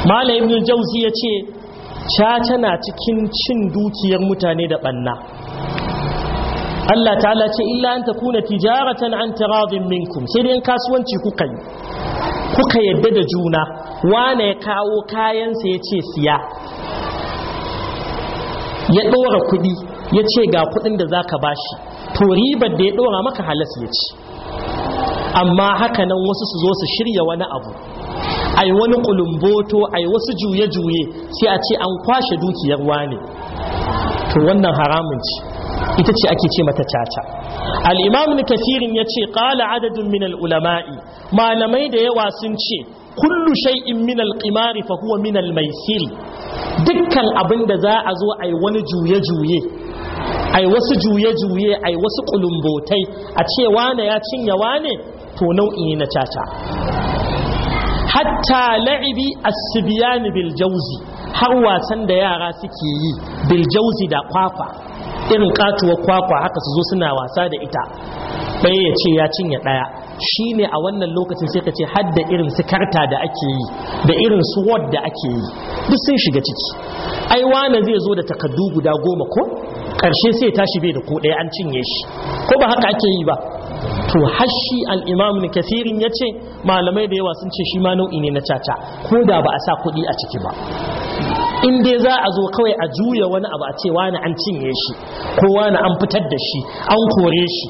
Malam Ibn Jauzi ya ce caca tana cikin cin dukiyar mutane da ɓanna. Allah ta'ala ce illa an ta kuna tijaratan an taradin minkum sai dai kasuwanci kuka yi kuka yadda da juna wane ya kawo kayansa ya ce siya ya ɗora kuɗi ya ce ga kudin da zaka bashi to ribar da ya dora maka halas ya ci amma haka nan wasu su zo su shirya wani abu ai wani kulumboto ai wasu juye-juye sai a ce an kwashe dukiyar wane to wannan haramun ce ita ce ake ce mata caca al'imamun kafirin ya ce ƙala adadin minal ulama'i malamai da yawa sun ce kullu shay'in minal ƙimari fa huwa minal maisiri dukkan abin da za a zo a yi wani juye-juye ai wasu juye-juye ai wasu kulumbotai a ce wane ya cinye wane to nau'i na caca hatta la'ibi asibiyani biljauzi har wasan da yara suke yi biljauzi da kwakwa irin ƙatuwar kwakwa haka su zo suna wasa da ita ɗaya ya ce ya cinye ɗaya shi ne a wannan lokacin sai ka ce hadda irin su karta da ake yi da irin su wad da ake yi duk sun shiga ciki ai wane zai zo da takaddu guda goma ko karshe sai tashi bai da daya an cinye shi ko ba haka ake yi ba to hashi al'imam ne kasirin ya ce malamai da yawa sun ce shi ma nau'i ne na caca ko da ba a sa kuɗi a ciki ba in dai za a zo kawai a juya wani abu a ce wani an cinye shi ko wani an fitar da shi an kore shi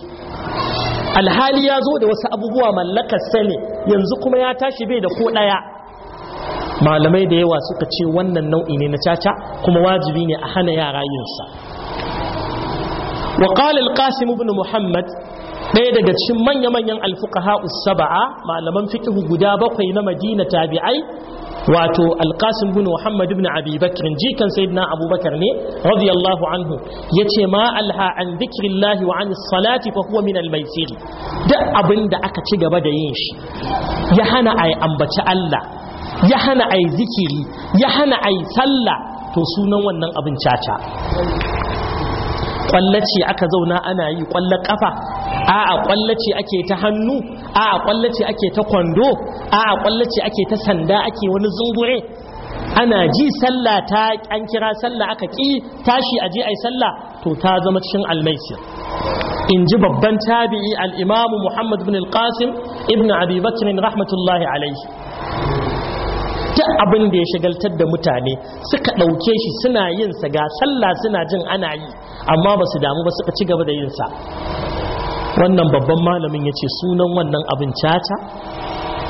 alhali ya zo da wasu abubuwa mallaka sani yanzu kuma ya tashi bai da ko ɗaya malamai da yawa suka ce wannan nau'i ne na caca kuma wajibi ne a hana yara yinsa wa qala al muhammad ɗaya daga cikin manya-manyan alfuqaha usaba'a malaman fiqhu guda bakwai na madina tabi'ai wato alqasim bin muhammad ibn abi bakr jikan na abubakar ne radiyallahu anhu yace ma alha an dhikrillahi wa an salati fa huwa min al Da duk da aka ci gaba da yin shi ya hana a ambaci Allah ya hana ai zikiri ya hana ai sallah to sunan wannan abin caca kwallace aka zauna ana yi kwallar kafa a'a kwallace ake ta hannu a'a kwallace ake ta kwando a'a kwallace ake ta sanda ake wani zungure ana ji sallah ta an kira sallah aka ki tashi a je ai sallah to ta zama cikin almaisir in ji babban tabi'i al-imamu muhammad ibn al-qasim ibn abi bakr rahmatullahi alaihi duk abin da ya shagaltar da mutane suka ɗauke shi suna yin sa ga sallah suna jin ana yi amma ba su damu ba suka ci gaba da yin sa wannan babban malamin ya ce sunan wannan abin caca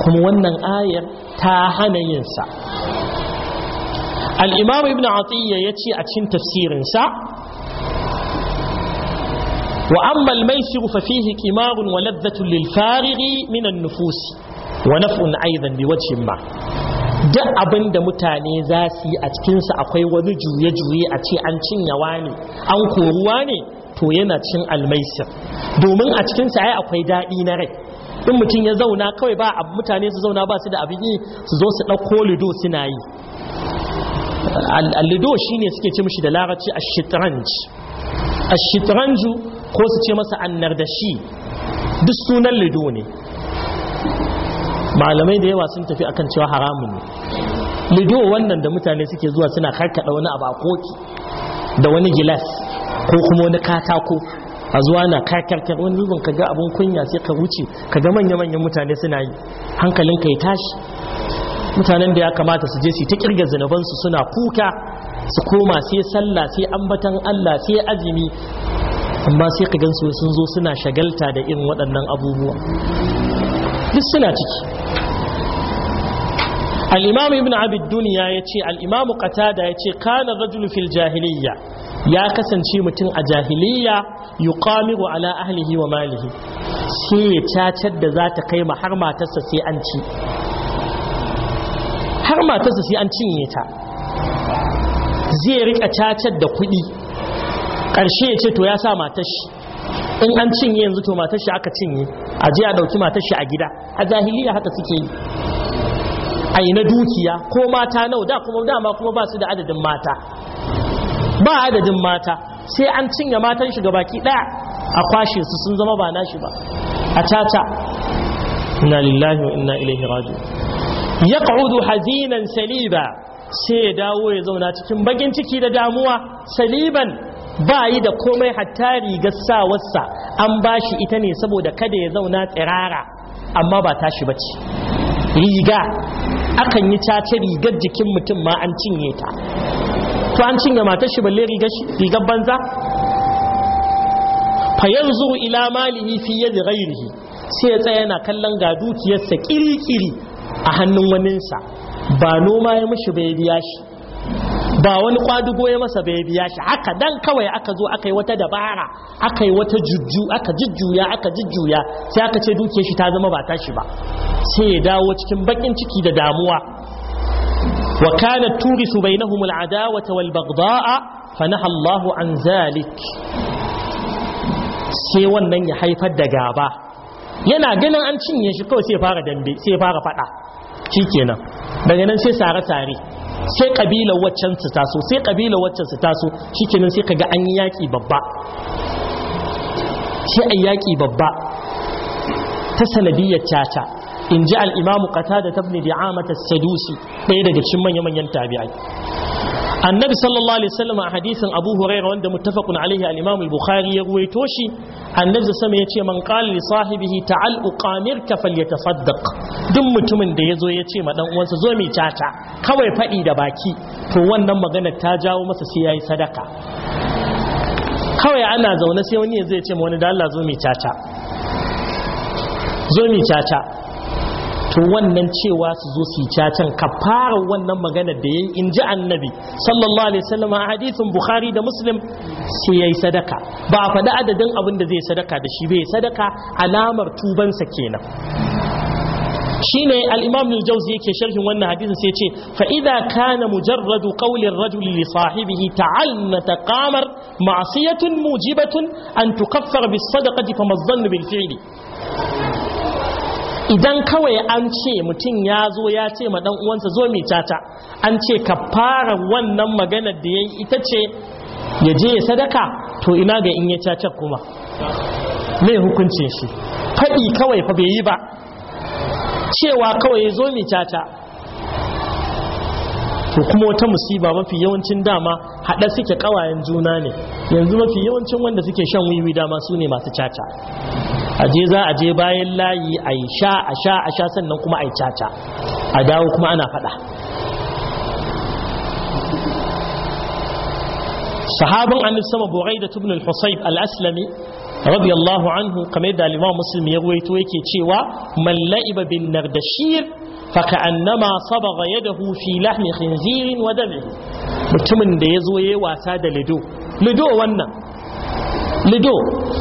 kuma wannan ayar ta hana yin sa al-imam ibn atiyya ya ce a cikin tafsirin sa wa amma al-maisir fa fihi wa ladhatu lil farighi min an للفارغ wa naf'un aidan bi wajhin ma duk abin da mutane za su yi a cikinsa akwai wani juye-juye a ce an cinyawa ne an koruwa ne to yana cin almaisir domin a cikinsa ya akwai daɗi na rai in mutum ya zauna kawai ba mutane su zauna ba su da abin yi su zo su ɗauko lido suna yi lido ne suke ce mishi da larabci a shitranji a shitranju ko su ce masa annar da shi duk sunan lido ne malamai da yawa sun tafi akan cewa haramun ne lido wannan da mutane suke zuwa suna karkada wani abu a koki da wani gilas ko kuma wani katako a zuwa na karkarkar wani zubin ka ga abun kunya sai ka wuce ka ga manya-manyan mutane suna yi hankalin ka ya tashi mutanen da ya kamata su je su ta kirga zinabansu suna kuka su koma sai sallah sai ambatan Allah sai azumi amma sai ka gansu sun zo suna shagalta da irin waɗannan abubuwa duk suna ciki Al'imamu ibn abid duniya yace al-imam qatada yace kana rajulu fil jahiliya ya kasance mutum a jahiliyya yuqamiru ala ahlihi wa malihi shi ya cacar da za ta kai ma har matarsa sai an ci har matarsa sai an cinye ta zai rika cacar da kuɗi ƙarshe ya ce to ya sa matashi in an cinye yanzu to matashi aka cinye a je a ɗauki matashi a gida a jahiliya haka suke yi aina na dukiya ko mata nau da kuma dama kuma ba su da adadin mata ba adadin mata sai an cinye matan shi baki daya a kwashe su sun zama ba nashi ba a tata inna lillahi wa inna ilaihi raji yaq'udu hazinan saliba sai ya dawo ya zauna cikin bakin ciki da damuwa saliban ba yi da komai hatta rigar sawarsa an bashi ita ne saboda kada ya zauna tsirara amma ba tashi bace riga akan yi caca rigar jikin mutum ma an cinye ta to an cinye matar shi balle rigar banza fa yanzu ila malihi fi yadi ghairihi sai ya tsaya yana kallon ga dukiyarsa kirikiri a hannun waninsa ba noma ya mishi bai biya shi ba wani kwadugo ya masa bai biya shi haka dan kawai aka zo aka yi wata dabara aka yi wata jujju aka jujjuya aka jujjuya sai aka ce dukiyar shi ta zama ba tashi ba sai ya dawo cikin bakin ciki da damuwa wa kana turisu bainahum al'adawata wal baghdha'a fanaha Allahu an zalik sai wannan ya haifar da gaba yana ganin an cinye shi kawai sai fara dambe sai fara fada shikenan daga nan sai sare sare sai kabilar waccan su taso sai kabilar waccan su taso shikenan sai kaga an yaki babba sai an yaki babba ta sanadiyar caca in ji al'imamu kata da tabni da amata sadusi ɗaya daga cikin manya-manyan tabi'ai annabi sallallahu alaihi wasallam a hadisin abu huraira wanda muttafaqun alaihi al-imam al-bukhari ya ruwaito shi annabi sama ya ce man qala li sahibihi ta'al uqamirka falyatasaddaq duk mutumin da yazo ya ce ma dan uwansa zo mi caca kawai fadi da baki to wannan magana ta jawo masa sai yayi sadaka kawai ana zaune sai wani ya zai ce ma wani da Allah zo mi zo mi caca to wannan cewa su zo su yi cacan ka fara wannan magana da yayi in ji annabi sallallahu alaihi wasallam a hadisin bukhari da muslim sai yayi sadaka ba a faɗi adadin abin da zai sadaka da shi bai sadaka alamar tuban sa kenan shine al-imam al-jawzi yake sharhin wannan hadisin sai ce fa idza kana mujarradu qawli ar-rajul li sahibihi ta'al taqamar ma'siyatun mujibatun an tukaffar bis sadaqati fa mazzannu bil fi'li idan kawai an ce mutum ya zo ya ce ma dan uwansa zo mai cata an ce ka fara wannan maganar da ya ita ce ya je ya sadaka to ina ga in ya caca kuma mai hukuncin shi faɗi kawai fa bai yi ba cewa kawai ya zo mai caca to kuma wata musiba mafi yawancin dama haɗa suke ƙawayen juna ne yanzu mafi yawancin wanda suke shan wiwi dama su ne masu caca aje za a je bayan layi a yi sha a sha a sha sannan kuma a yi caca a dawo kuma ana fada sahabin annabi sama burai da tubin al-husayb al-aslami radiyallahu anhu kamar da limamu muslim ya ruwaito yake cewa man la'iba bin Faka annama saba sabagha yadahu hufi lahmi khinzirin wa mutumin da yazo yayi wasa da lido lido wannan lido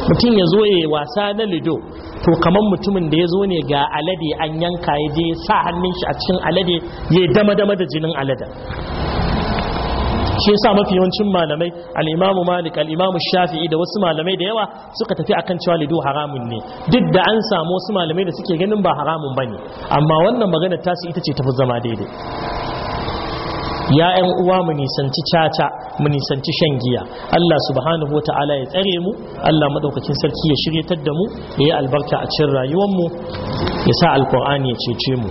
mutum ya zo ya wasa na lido to kamar mutumin da ya zo ne ga alade an yanka ya je sa hannun shi a cikin alade ya dama dama da jinin alada. shi yasa mafi yawancin malamai al malik al-imamu shafi'i da wasu malamai da yawa suka tafi akan cewa lido haramun ne duk da an samu wasu malamai da suke ganin ba haramun ba ne, amma wannan magana ta su ita ce tafi zama daidai ya ‘yan uwa mu nisanci caca mu nisanci shan giya Allah subhanahu wa ta'ala ya tsare mu Allah maɗaukakin sarki ya shiryatar da mu ya yi albarka a cikin rayuwar mu ya sa alkur'ani ya cece mu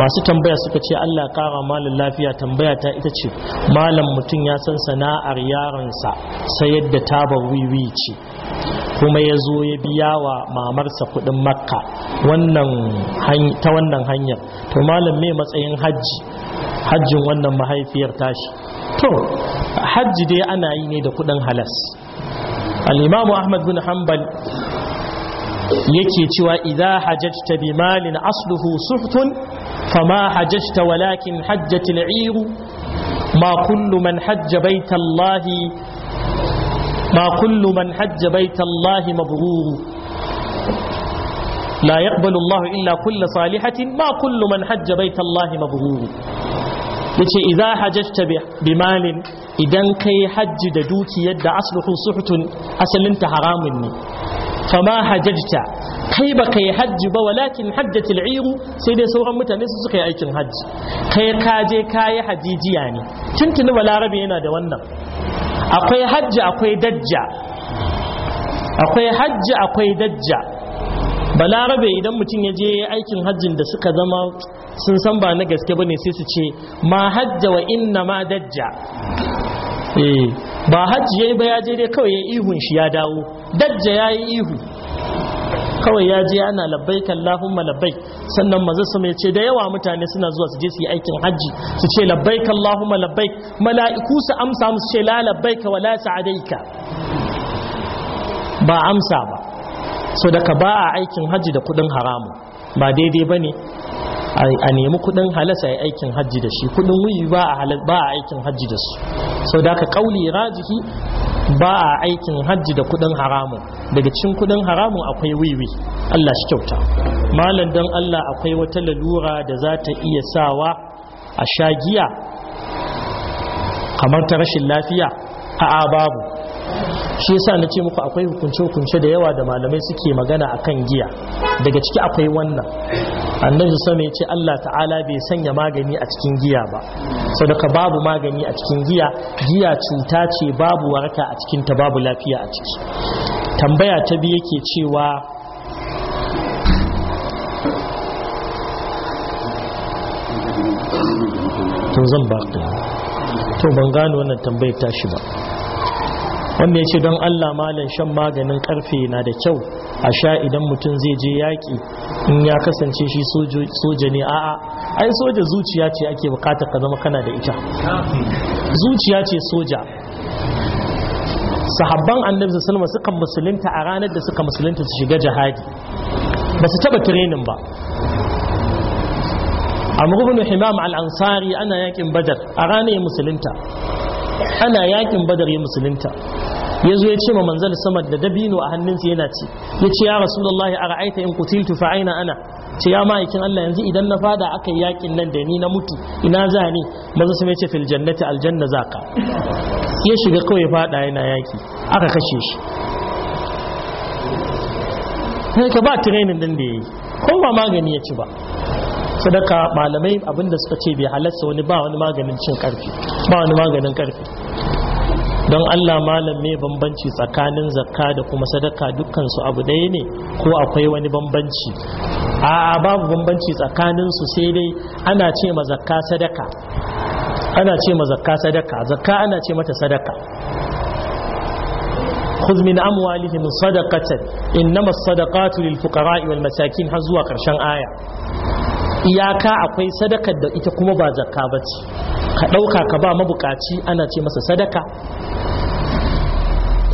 masu tambaya suka ce Allah kara Malam lafiya tambaya ta ita ce malam mutum ya san sana'ar yaron sa sayar da tabar wiwi ce kuma ya zo ya biya wa mamarsa kuɗin makka ta wannan hanyar to malam me matsayin hajji hajjin wannan mahaifi dukiyar tashi to hajji dai ana yi ne da kudin halas al-imamu ahmad bin hanbal yake cewa idza hajjata bi malin asluhu suhtun fama hajjata walakin hajjati al-iru ma kullu man hajja baitallahi ma kullu man hajja baitallahi Mabruru, لا يقبل الله إلا كل صالحة ما كل من حج بيت الله مبهور yace iza hajjata bimalin idan kayi hajji da dukiyar da asluhu suhutun asalinta haramun ne fama hajjata kai ba yi hajji ba walakin hajjata al'iru sai dai sauran mutane su suka yi aikin hajji kai ka je kayi hajijiya ne tuntuni balarabe yana da wannan akwai hajji akwai dajja akwai hajji akwai dajja balarabe idan mutum ya je aikin hajjin da suka zama sun san ba na gaske ne sai su ce ma hajja wa inna ma dajja eh, ba hajji yayi ba ya je dai kawai ya ihun shi ya dawo dajja yayi ihu kawai ya je ana labbai kallahumma labbai sannan maza su mai ce da yawa mutane suna zuwa su je su yi aikin hajji su ce labbai kallahumma labbai mala'iku su amsa musu ce la labbai ka wala ka. ba amsa ba so daga ba a aikin hajji da kudin haramu ba daidai ba ne a nemi kudin halas a aikin hajji da shi kudin wuyi ba a aikin hajji da su so daga kauli rajihi ba a aikin hajji da kudin haramu daga cikin kudin haramu akwai wiwi Allah shi kyauta malam don Allah akwai wata lalura da za ta iya sawa a shagiya kamar ta rashin lafiya a babu shi yasa na ce muku akwai hukunce-hukunce da yawa da malamai suke magana akan giya daga ciki akwai wannan annabi sama ya ce Allah ta'ala bai sanya magani a cikin giya ba sadaka babu magani a cikin giya giya cuta ce babu waraka a cikin ta babu lafiya a ciki tambaya ta biyu yake cewa to zan ba to ban gano wannan tambayar tashi ba wanda ya ce don allah malam shan maganin karfe na da kyau a sha idan mutum zai je yaƙi in ya kasance shi soja ne a'a ai soja zuciya ce ake bukata ka zama kana da ita zuciya ce soja sahabban annabi sallama sukan musulunta a ranar da suka musulunta su shiga jihadi ba su taba tirenin ba A ibn himam al-ansari ana yakin bajar a ranar musulunta ana yakin badar ya musulunta ya zo ya ce ma manzal samad da dabino a hannunsa yana ci ya ce ya rasulullahi a ra'aita in kutiltu fa aina ana ce ya ma'aikin Allah yanzu idan na fada aka yakin nan da ni na mutu ina za ni maza su ce fil jannati aljanna zaka ya shiga kawai fada yana yaki aka kashe shi ka ba tirenin din da yayi ko ba magani ya ci ba sadaka malamai abinda suka ce bai halarta wani ba wani maganin cin karfi ba wani maganin karfi don Allah malam me bambanci tsakanin zakka da kuma sadaka dukkan su abu ɗaya ne ko akwai wani bambanci a babu bambanci tsakanin su sai dai ana ce ma zakka sadaka ana ce ma zakka sadaka zakka ana ce mata sadaka خذ من أموالهم صدقة إنما الصدقات للفقراء والمساكين har zuwa ƙarshen aya. iyaka akwai sadaka da ita kuma ba zakka ba ce ka ɗauka ka ba mabukaci ana ce masa sadaka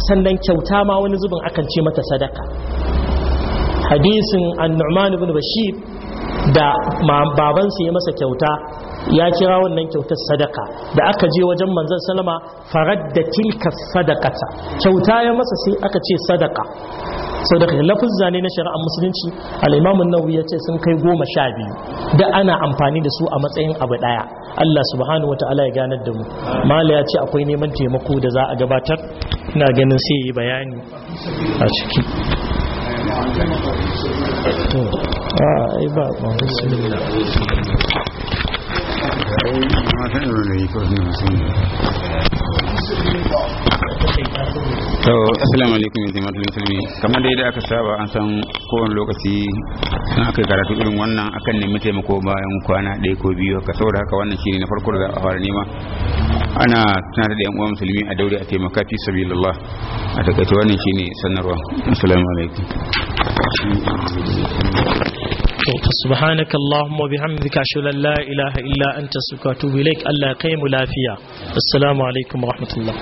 sannan kyauta ma wani zubin akan ce mata sadaka hadisin annu'man ibn bashir da babansa ya masa kyauta ya kira wannan kyautar sadaka da aka je wajen manzon salama farad da tilka sadakata kyauta ya masa sai aka ce sadaka sau da lafuzza zane na shari'ar musulunci al'imamu nawawi ya ce sun kai goma sha biyu da ana amfani da su a matsayin abu daya Allah subhanahu wa ta'ala ya ganar da mu mala ya ce akwai neman taimako da za a gabatar ina ganin sai yi bayani a ciki to assalamu alaikum ya zama musulmi kamar dai da aka saba an san kowane lokaci sun aka karatu irin wannan akan nemi taimako bayan kwana ɗaya ko biyu haka saboda haka wannan shine na farko da fara nema ana tana da yan uwa musulmi a daure a taimaka fi sabilillah a takaice wannan shine sanarwa assalamu alaikum to subhanaka allahumma wa bihamdika ashhadu an la ilaha illa anta astaghfiruka wa allah kai mu lafiya assalamu alaikum wa rahmatullah